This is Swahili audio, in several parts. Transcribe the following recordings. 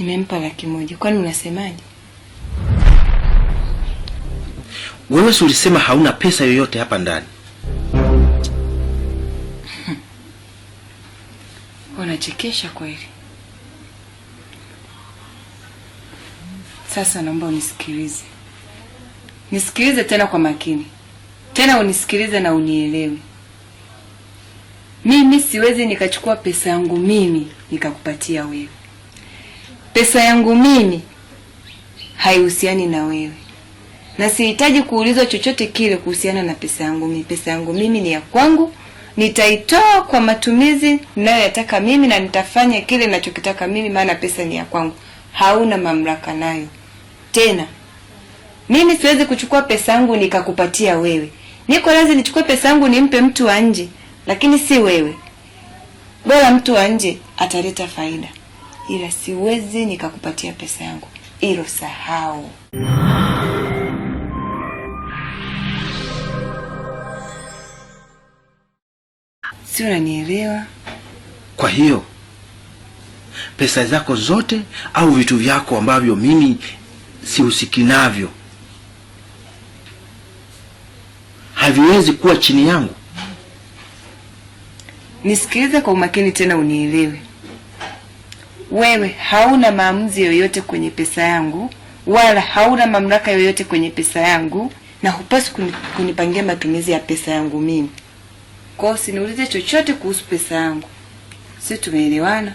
Nimempa laki moja. Kwani unasemaje? Wewe si ulisema hauna pesa yoyote hapa ndani? Unachekesha kweli. Sasa naomba unisikilize, nisikilize tena kwa makini, tena unisikilize na unielewe. Mimi siwezi nikachukua pesa yangu mimi nikakupatia wewe Pesa yangu mimi haihusiani na wewe, na sihitaji kuulizwa chochote kile kuhusiana na pesa yangu mimi. Pesa yangu mimi ni ya kwangu, nitaitoa kwa matumizi ninayoyataka mimi na nitafanya kile ninachokitaka mimi, maana pesa ni ya kwangu, hauna mamlaka nayo. Tena mimi siwezi kuchukua pesa yangu nikakupatia wewe. Niko lazima nichukue pesa yangu nimpe mtu wa nje, lakini si wewe. Bora mtu wa nje ataleta faida ila siwezi nikakupatia pesa yangu, ilo sahau. Si unanielewa? Kwa hiyo pesa zako zote au vitu vyako ambavyo mimi sihusiki navyo haviwezi kuwa chini yangu? Nisikilize kwa umakini tena unielewe wewe hauna maamuzi yoyote kwenye pesa yangu, wala hauna mamlaka yoyote kwenye pesa yangu, na hupaswi kunipangia matumizi ya pesa yangu mimi. Kwa hiyo chochote kuhusu pesa yangu, si tumeelewana?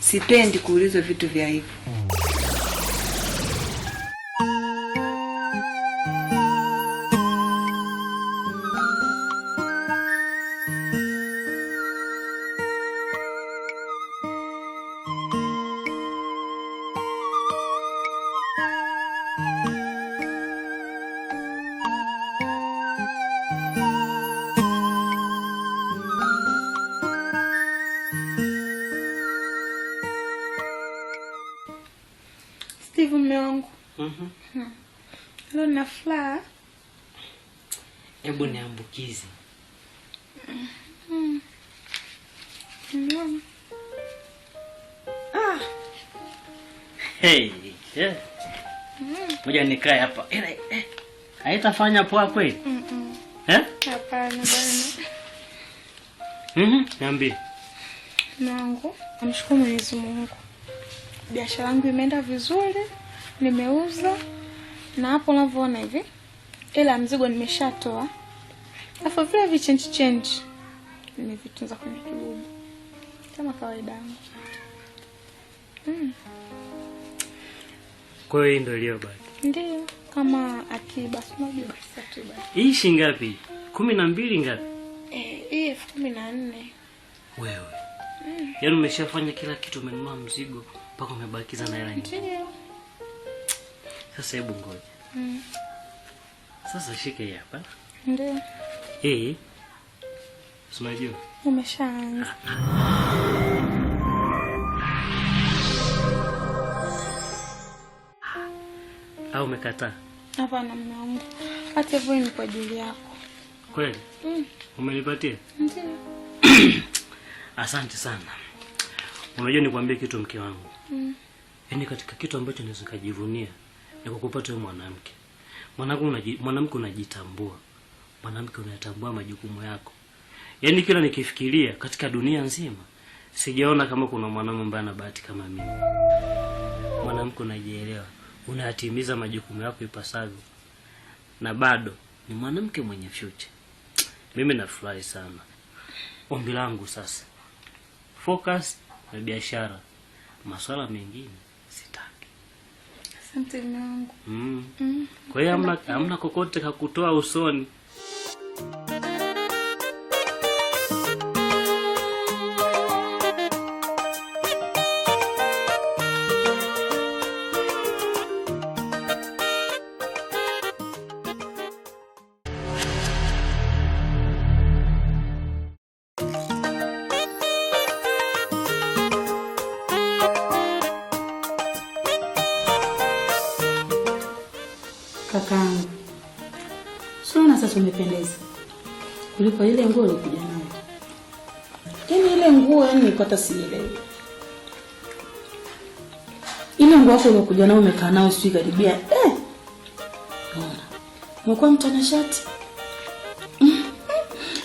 Sipendi kuulizwa vitu vya hivyo. Mhm. Mm Leo nina furaha. Hebu niambukize. Mm-hmm. Ah. Hey. Yeah. Mm-hmm. Ngoja nikae hapa. Eh, eh, eh. Haitafanya poa kweli? Mhm, niambie. Nangu, namshukuru Mwenyezi Mungu. Biashara yangu imeenda vizuri nimeuza na hapo unavyoona hivi, ila mzigo nimeshatoa, alafu vile vichenji chenji nimevitunza kwenye kibubu kama kawaida yangu. Mm. Kwa hiyo ndio iliyobaki. Ndio, kama akiba. Unajua akiba. Hii shilingi ngapi? kumi na mbili ngapi? Eh, hii elfu kumi na nne. Wewe. Mm. Yaani umeshafanya kila kitu, umenunua mzigo mpaka umebakiza na hela nyingi. Ndio. Sasa hebu ngoja. Mm. Sasa shike hii hapa. Ndio. Eh. Unajua? Umeshaanza. Ah, ah. ah. Au umekata? Hapana mume wangu. Hata hivyo ni kwa ajili yako. Kweli? Mm. Umenipatia? Ndio. Asante sana. Unajua nikwambie kitu mke wangu. Mm. Yaani katika kitu ambacho naweza kujivunia Mm ni kukupata wewe mwanamke. Mwanamke unaji, mwanamke unajitambua. Mwanamke unayatambua majukumu yako. Yaani kila nikifikiria katika dunia nzima sijaona kama kuna mwanamume ambaye ana bahati kama mimi. Mwanamke unajielewa, unatimiza majukumu yako ipasavyo. Na bado ni mwanamke mwenye future. Mimi nafurahi sana. Ombi langu sasa, focus na biashara, masuala mengine sita Asante Mungu. Mm. Mm. Kwa hiyo hamna hamna kokote kakutoa usoni. Kakaangu, siona sasa umependeza kuliko ile nguo ulikuja nayo. Yaani ile nguo yani nilipata sielewi. Ile nguo yako ulikuja nayo umekaa nayo sijui karibia. Eh. Umekuwa mtanashati.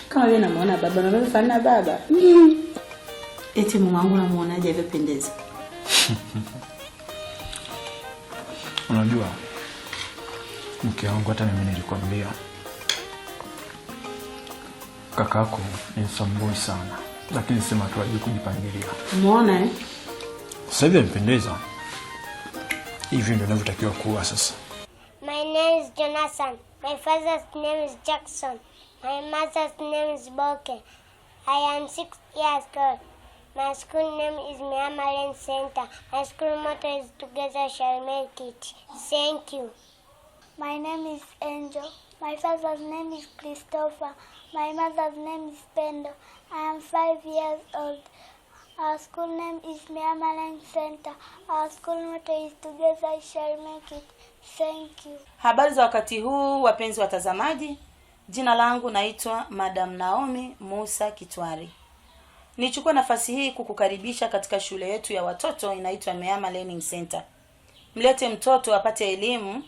Kama vile namuona baba na wewe fana baba. Mm. Eti mwanangu namuonaje hivyo pendeza. Unajua? Mke wangu, hata mimi nilikwambia kakako ni msambui sana, lakini sema tu ajui kujipangilia. Umeona eh? Sasa hivi mpendeza hivi, ndio navyotakiwa kuwa sasa. My name is Jonathan. My father's name is Jackson. My mother's name is Boke. I am six years old. My school name is Miamalen Center. My school motto is together shall make it. Thank you. My name is Angel. My father's name is Christopher. My mother's name is Pendo. I am five years old. Our school name is Miamalang Center. Our school motto is together I shall make it. Thank you. Habari za wakati huu wapenzi watazamaji. Jina langu naitwa Madam Naomi Musa Kitwari. Nichukue nafasi hii kukukaribisha katika shule yetu ya watoto inaitwa Meama Learning Center. Mlete mtoto apate elimu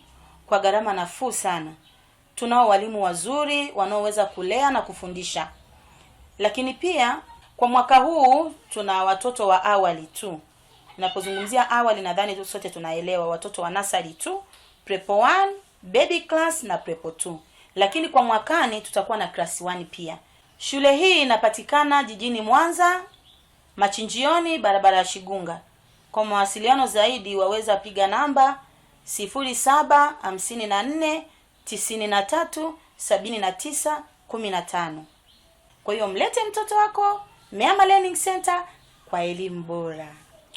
kwa gharama nafuu sana. Tunao walimu wazuri wanaoweza kulea na kufundisha, lakini pia kwa mwaka huu tuna watoto wa awali tu. Ninapozungumzia awali, nadhani sote tunaelewa watoto wa nasari tu, prepo 1, baby class na prepo 2, lakini kwa mwakani tutakuwa na class 1 pia. Shule hii inapatikana jijini Mwanza, Machinjioni, barabara ya Shigunga. Kwa mawasiliano zaidi waweza piga namba 0754 93 79 15. Kwa hiyo mlete mtoto wako Meama Learning Center kwa elimu bora.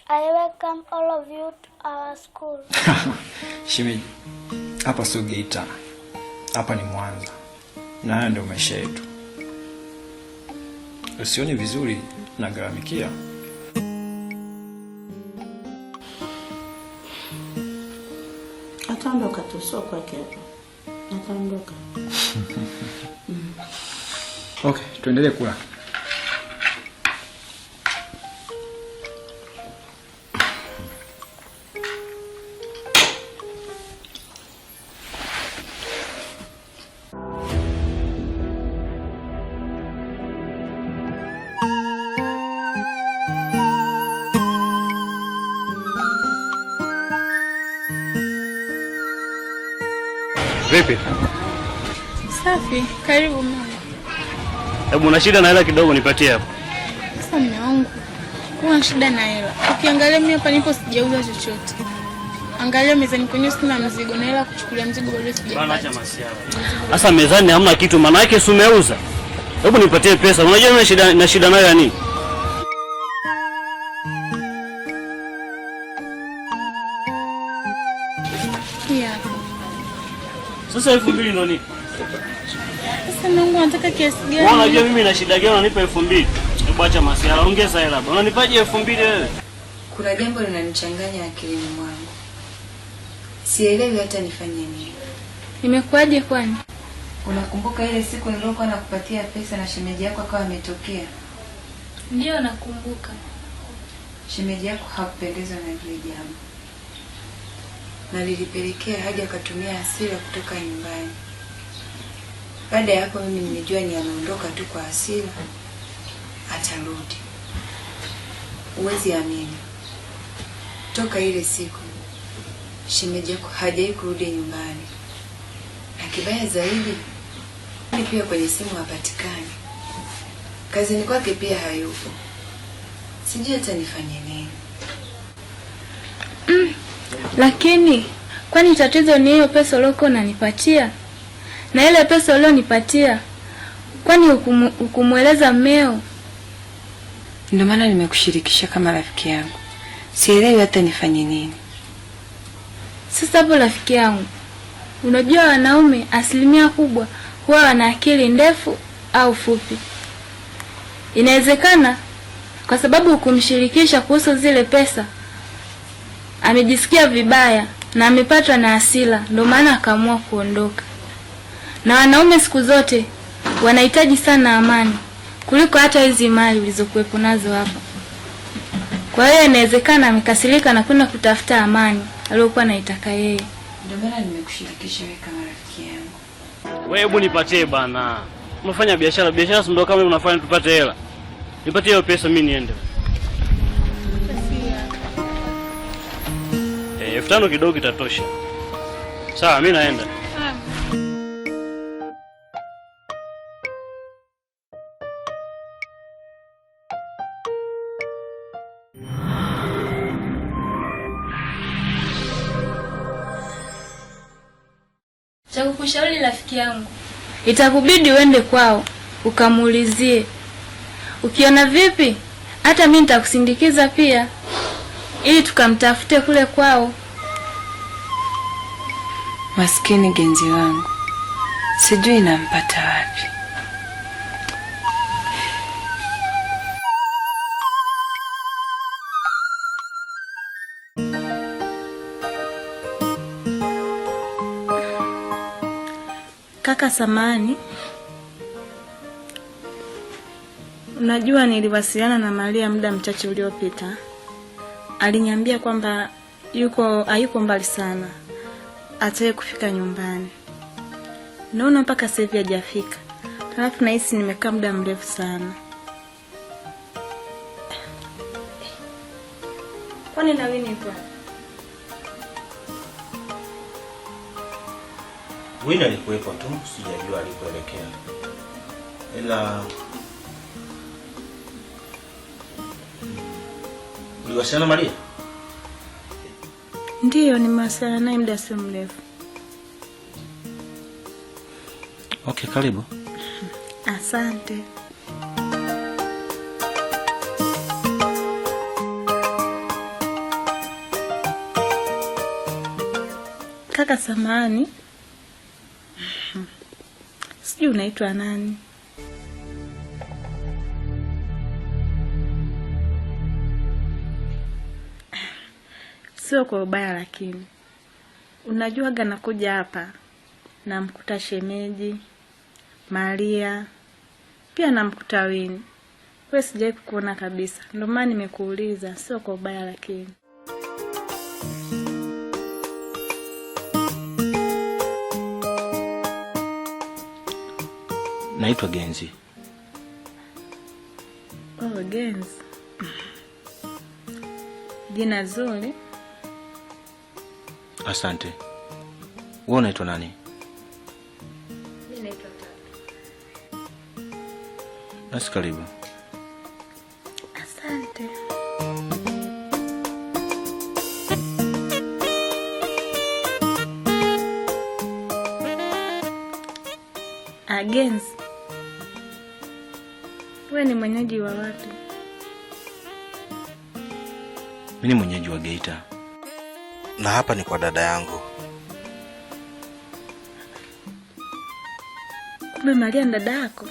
I welcome all of you to our school. Shemeji, hapa sio Geita, hapa ni Mwanza, na haya ndio maisha yetu. Usioni vizuri na gharamikia tu, sio kwake hapa. Nakaondoka. Okay, tuendelee kula. Safi. Karibu mama. Hebu una shida na hela kidogo nipatie hapo. Sasa mume wangu, kuna shida na hela. Ukiangalia mimi hapa nipo sijauza chochote. Angalia mezani kwenye sina mzigo na hela kuchukulia mzigo bado sijapata. Bana acha masiala. Sasa mezani hamna kitu maana yake si umeuza. Hebu nipatie pesa. Unajua mimi shida na shida nayo ya nini? Sasa elfu mbili ndo nini? Mungu anataka kiasi gani? Wewe unajua mimi na shida gani unanipa 2000? mbili? Hebu acha masiala, ongeza hela bwana. Unanipaje 2000 wewe? Kuna jambo linanichanganya akilini mwangu. Sielewi hata nifanye nini. Nimekuaje kwani? Unakumbuka ile siku niliyokuwa nakupatia pesa na shemeji yako akawa ametokea? Ndio nakumbuka. Shemeji yako hakupendezwa na ile jambo. Na lilipelekea haja akatumia hasira kutoka nyumbani. Baada ya hapo mimi nimejua ni anaondoka tu kwa hasira, atarudi. Huwezi amini, toka ile siku shemeji hajai kurudi nyumbani, na kibaya zaidi ni pia kwenye simu hapatikani, kazini kwake pia hayupo. Sijui hata nifanye nini. Mm, lakini kwani tatizo ni hiyo pesa uliokuwa unanipatia? na ile pesa ulionipatia, kwani hukumweleza mmeo? Ndio maana nimekushirikisha kama rafiki yangu, sielewi hata nifanye nini sasa. Hapo rafiki yangu, unajua wanaume asilimia kubwa huwa wana akili ndefu au fupi. Inawezekana kwa sababu hukumshirikisha kuhusu zile pesa, amejisikia vibaya na amepatwa na hasira, ndio maana akaamua kuondoka na wanaume siku zote wanahitaji sana amani kuliko hata hizi mali ulizokuwepo nazo hapa. Kwa hiyo inawezekana amekasirika na kwenda kutafuta amani aliyokuwa anaitaka yeye. Ndio maana nimekushirikisha wewe kama rafiki yangu. Wewe hebu nipatie bana. Unafanya biashara, biashara si ndio kama unafanya tupate hela. Nipatie hiyo pesa mimi niende. Eh, elfu tano kidogo itatosha. Sawa, mimi naenda. kushauri rafiki yangu. Itakubidi uende kwao ukamuulizie. Ukiona vipi, hata mimi nitakusindikiza pia, ili tukamtafute kule kwao. Maskini genzi wangu, sijui nampata wapi. Kaka Samani, unajua niliwasiliana na Maria muda mchache uliopita, aliniambia kwamba yuko hayuko mbali sana, atae kufika nyumbani. Naona mpaka sasa hivi hajafika, halafu nahisi nimekaa muda mrefu sana. Kwani na wewe Wina alikuwepo tu, sijajua alikuelekea, ila uliwasiliana Maria? Ndiyo, nimewasiliana naye muda si mrefu. Okay, karibu. Asante. Kaka samani sijui unaitwa nani sio kwa ubaya lakini unajuaga nakuja hapa namkuta shemeji maria pia namkuta wini we sijawai kukuona kabisa ndio maana nimekuuliza sio kwa ubaya lakini Naitwa Genzi. Oh, Genzi. Jina zuri. Asante. Wewe unaitwa nani? Mimi naitwa Basi karibu. Asante. Agenzi. Ah, mwenyeji wa watu. Mimi ni mwenyeji wa Geita, na hapa ni kwa dada yangu. Kumbe Maria ni dada yako?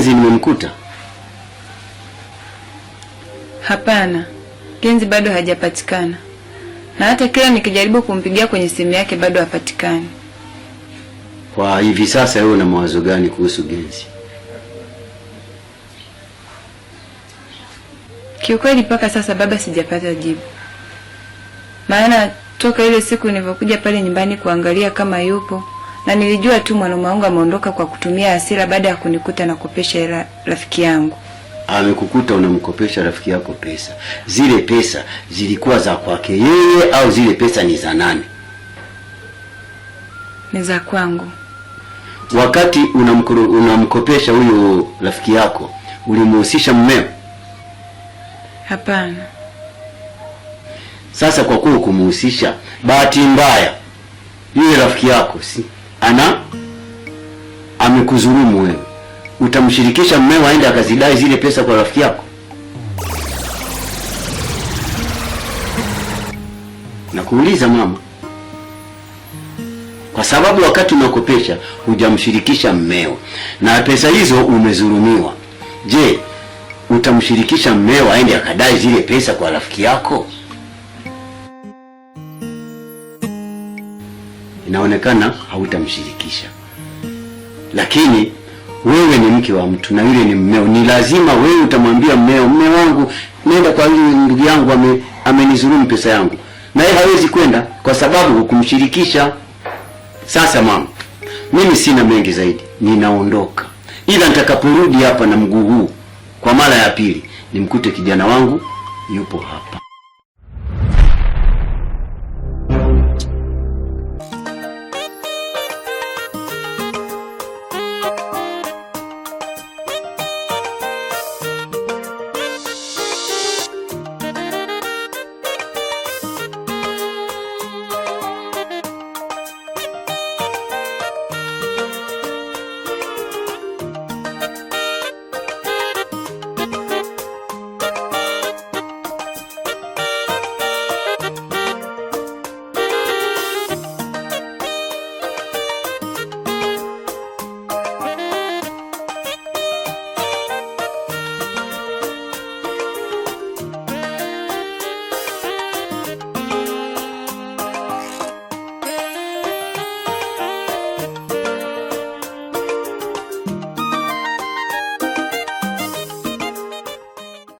Genzi nimemkuta? Hapana, Genzi bado hajapatikana, na hata kila nikijaribu kumpigia kwenye simu yake bado hapatikani. Kwa hivi sasa, wewe una mawazo gani kuhusu Genzi? Kiukweli mpaka sasa baba, sijapata jibu, maana toka ile siku nilivyokuja pale nyumbani kuangalia kama yupo na nilijua tu mwanaume wangu ameondoka kwa kutumia hasira baada ya kunikuta na kopesha hela rafiki yangu. Amekukuta unamkopesha rafiki yako pesa? Zile pesa zilikuwa za kwake yeye au zile pesa ni za nani? Ni za kwangu. Wakati unamkopesha huyo rafiki yako ulimhusisha mmeo? Hapana. Sasa kwa kuwa kumhusisha, bahati mbaya yule rafiki yako si ana amekuzurumu wewe, utamshirikisha mmeo aende akazidai zile pesa kwa rafiki yako? Nakuuliza mama, kwa sababu wakati unakopesha hujamshirikisha mmeo na pesa hizo umezurumiwa Je, utamshirikisha mmeo aende akadai zile pesa kwa rafiki yako? utaonekana hautamshirikisha. Lakini wewe ni mke wa mtu na yule ni mmeo, ni lazima wewe utamwambia mmeo, mme wangu nenda kwa yule ndugu yangu ame, amenizulumu pesa yangu, na yeye hawezi kwenda kwa sababu hukumshirikisha. Sasa mama, mimi sina mengi zaidi, ninaondoka, ila nitakaporudi hapa na mguu huu kwa mara ya pili nimkute kijana wangu yupo hapa.